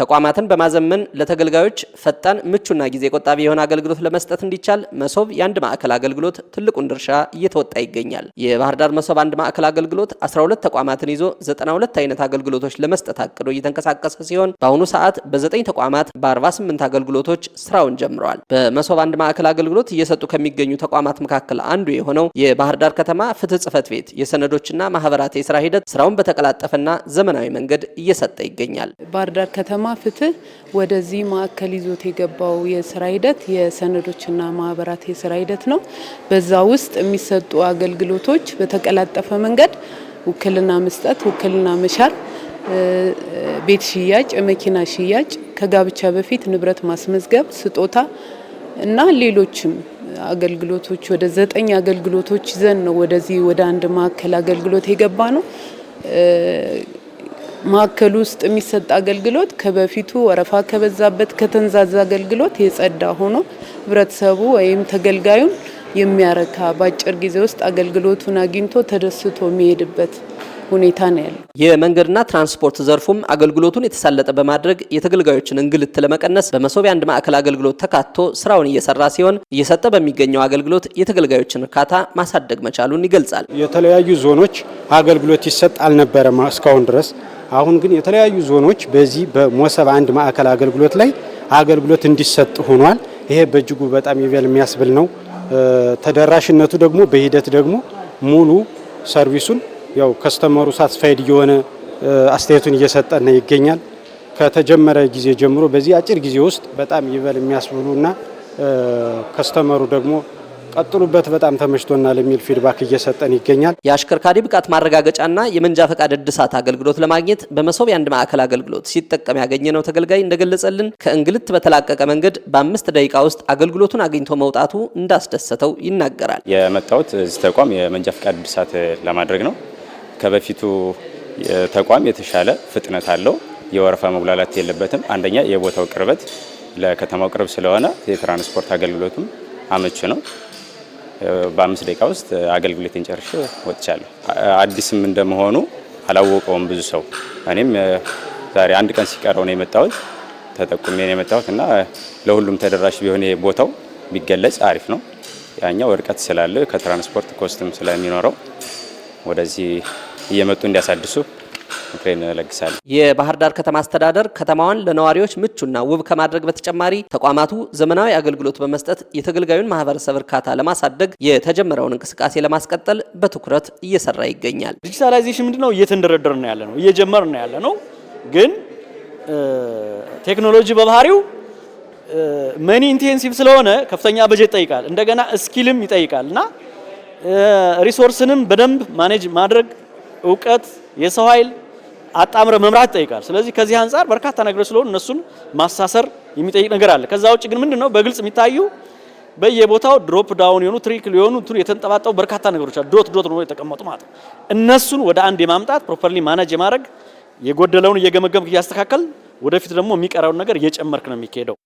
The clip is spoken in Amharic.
ተቋማትን በማዘመን ለተገልጋዮች ፈጣን ምቹና ጊዜ ቆጣቢ የሆነ አገልግሎት ለመስጠት እንዲቻል መሶብ የአንድ ማዕከል አገልግሎት ትልቁን ድርሻ እየተወጣ ይገኛል። የባህር ዳር መሶብ አንድ ማዕከል አገልግሎት 12 ተቋማትን ይዞ 92 አይነት አገልግሎቶች ለመስጠት አቅዶ እየተንቀሳቀሰ ሲሆን በአሁኑ ሰዓት በ9 ተቋማት በ48 አገልግሎቶች ስራውን ጀምረዋል። በመሶብ አንድ ማዕከል አገልግሎት እየሰጡ ከሚገኙ ተቋማት መካከል አንዱ የሆነው የባህር ዳር ከተማ ፍትህ ጽህፈት ቤት የሰነዶችና ማህበራት የስራ ሂደት ስራውን በተቀላጠፈና ዘመናዊ መንገድ እየሰጠ ይገኛል። ባህር ዳር ከተማ ፍትህ ወደዚህ ማዕከል ይዞት የገባው የስራ ሂደት የሰነዶችና ማህበራት የስራ ሂደት ነው። በዛ ውስጥ የሚሰጡ አገልግሎቶች በተቀላጠፈ መንገድ ውክልና መስጠት፣ ውክልና መሻር፣ ቤት ሽያጭ፣ መኪና ሽያጭ፣ ከጋብቻ በፊት ንብረት ማስመዝገብ፣ ስጦታ እና ሌሎችም አገልግሎቶች ወደ ዘጠኝ አገልግሎቶች ይዘን ነው ወደዚህ ወደ አንድ ማዕከል አገልግሎት የገባ ነው። ማዕከል ውስጥ የሚሰጥ አገልግሎት ከበፊቱ ወረፋ ከበዛበት ከተንዛዛ አገልግሎት የጸዳ ሆኖ ህብረተሰቡ ወይም ተገልጋዩን የሚያረካ በአጭር ጊዜ ውስጥ አገልግሎቱን አግኝቶ ተደስቶ የሚሄድበት ሁኔታ ነው ያለው። የመንገድና ትራንስፖርት ዘርፉም አገልግሎቱን የተሳለጠ በማድረግ የተገልጋዮችን እንግልት ለመቀነስ በመሶብ የአንድ ማዕከል አገልግሎት ተካቶ ስራውን እየሰራ ሲሆን እየሰጠ በሚገኘው አገልግሎት የተገልጋዮችን እርካታ ማሳደግ መቻሉን ይገልጻል። የተለያዩ ዞኖች አገልግሎት ይሰጥ አልነበረም እስካሁን ድረስ አሁን ግን የተለያዩ ዞኖች በዚህ በሞሰብ አንድ ማዕከል አገልግሎት ላይ አገልግሎት እንዲሰጥ ሆኗል። ይሄ በእጅጉ በጣም ይበል የሚያስብል ነው። ተደራሽነቱ ደግሞ በሂደት ደግሞ ሙሉ ሰርቪሱን ያው ከስተመሩ ሳትስፋይድ እየሆነ አስተያየቱን እየሰጠን ይገኛል። ከተጀመረ ጊዜ ጀምሮ በዚህ አጭር ጊዜ ውስጥ በጣም ይበል እና ከስተመሩ ደግሞ ቀጥሉበት፣ በጣም ተመችቶናል የሚል ፊድባክ እየሰጠን ይገኛል። የአሽከርካሪ ብቃት ማረጋገጫና የመንጃ ፈቃድ እድሳት አገልግሎት ለማግኘት በመሶብ የአንድ ማዕከል አገልግሎት ሲጠቀም ያገኘ ነው ተገልጋይ እንደገለጸልን ከእንግልት በተላቀቀ መንገድ በአምስት ደቂቃ ውስጥ አገልግሎቱን አግኝቶ መውጣቱ እንዳስደሰተው ይናገራል። የመጣሁት እዚህ ተቋም የመንጃ ፈቃድ እድሳት ለማድረግ ነው። ከበፊቱ ተቋም የተሻለ ፍጥነት አለው። የወረፋ መጉላላት የለበትም። አንደኛ የቦታው ቅርበት ለከተማው ቅርብ ስለሆነ የትራንስፖርት አገልግሎቱም አመች ነው። በአምስት ደቂቃ ውስጥ አገልግሎቴን ጨርሼ ወጥቻለሁ። አዲስም እንደመሆኑ አላወቀውም ብዙ ሰው። እኔም ዛሬ አንድ ቀን ሲቀረው ነው የመጣሁት ተጠቁሜ ነው የመጣሁት እና ለሁሉም ተደራሽ ቢሆን ቦታው ቢገለጽ አሪፍ ነው። ያኛው እርቀት ስላለ ከትራንስፖርት ኮስትም ስለሚኖረው ወደዚህ እየመጡ እንዲያሳድሱ ምክሬን እንለግሳለን። የባህር ዳር ከተማ አስተዳደር ከተማዋን ለነዋሪዎች ምቹና ውብ ከማድረግ በተጨማሪ ተቋማቱ ዘመናዊ አገልግሎት በመስጠት የተገልጋዩን ማህበረሰብ እርካታ ለማሳደግ የተጀመረውን እንቅስቃሴ ለማስቀጠል በትኩረት እየሰራ ይገኛል። ዲጂታላይዜሽን ምንድን ነው? እየተንደረደር ነው ያለ ነው፣ እየጀመር ነው ያለ ነው። ግን ቴክኖሎጂ በባህሪው መኒ ኢንቴንሲቭ ስለሆነ ከፍተኛ በጀት ይጠይቃል። እንደገና ስኪልም ይጠይቃል እና ሪሶርስንም በደንብ ማኔጅ ማድረግ እውቀት፣ የሰው ኃይል አጣምረ መምራት ይጠይቃል። ስለዚህ ከዚህ አንጻር በርካታ ነገሮች ስለሆኑ እነሱን ማሳሰር የሚጠይቅ ነገር አለ። ከዛ ውጭ ግን ምንድነው በግልጽ የሚታዩ በየቦታው ድሮፕ ዳውን የሆኑ ትሪክ ሊሆኑ እንትን የተንጠባጠቡ በርካታ ነገሮች አሉ። ድሮት ድሮት ነው የተቀመጡ ማለት ነው። እነሱን ወደ አንድ የማምጣት ፕሮፐርሊ ማናጅ የማድረግ የጎደለውን እየገመገምክ እያስተካከል ወደፊት ደግሞ የሚቀረውን ነገር እየጨመርክ ነው የሚካሄደው።